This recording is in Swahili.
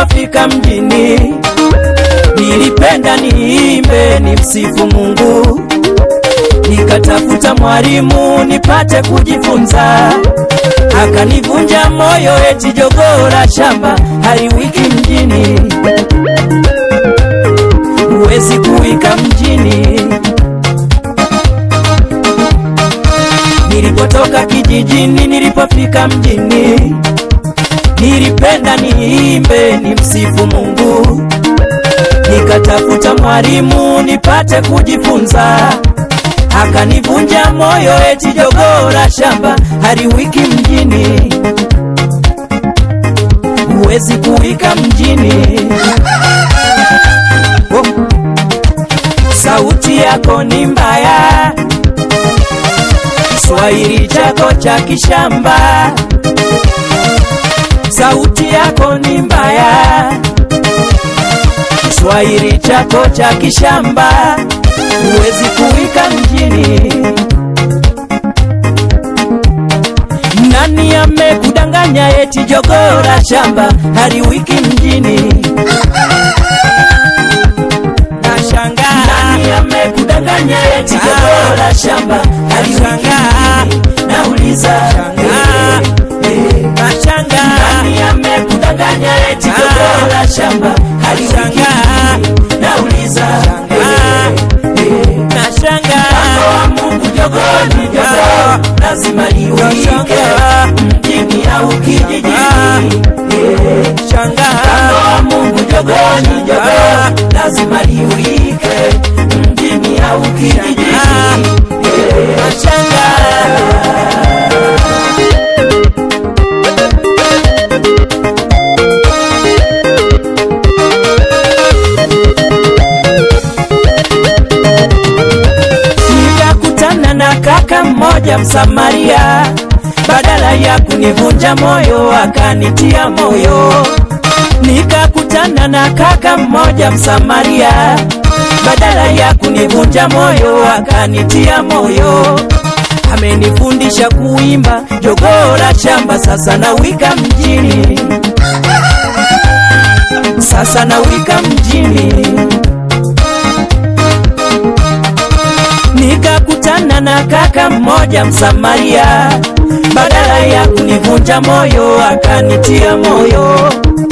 Nilipofika mjini nilipenda niimbe msifu Mungu, nikatafuta mwalimu nipate kujifunza, akanivunja moyo eti jogoo la shamba haliwiki mjini, huwezi kuwika mjini. Nilipotoka kijijini nilipofika mjini ni msifu Mungu, nikatafuta mwalimu nipate kujifunza, akanivunja moyo eti jogoo la shamba hari wiki mjini, huwezi kuwika mjini oh. Sauti yako ni mbaya, Kiswahili chako cha kishamba sauti yako ni Kiswahili chako cha kishamba huwezi kuwika mjini. Nani amekudanganya eti jogoo shamba haliwiki mjini? Nashangaa nani amekudanganya eti jogoo la shamba haliwiki mjini? Nauliza nashangaa nani amekudanganya eti jogoo shamba wa Mungu jogoni jogoo, lazima niushike mjini au kijijini. Mpango wa Mungu jogoni jogoo, lazima niushike mmoja Msamaria, badala ya kunivunja moyo akanitia moyo. Nikakutana na kaka mmoja Msamaria, badala ya kunivunja moyo akanitia moyo. Amenifundisha kuimba jogoo la shamba, sasa nawika mjini, sasa nawika mjini na kaka mmoja Msamaria, badala ya kunivunja moyo akanitia moyo.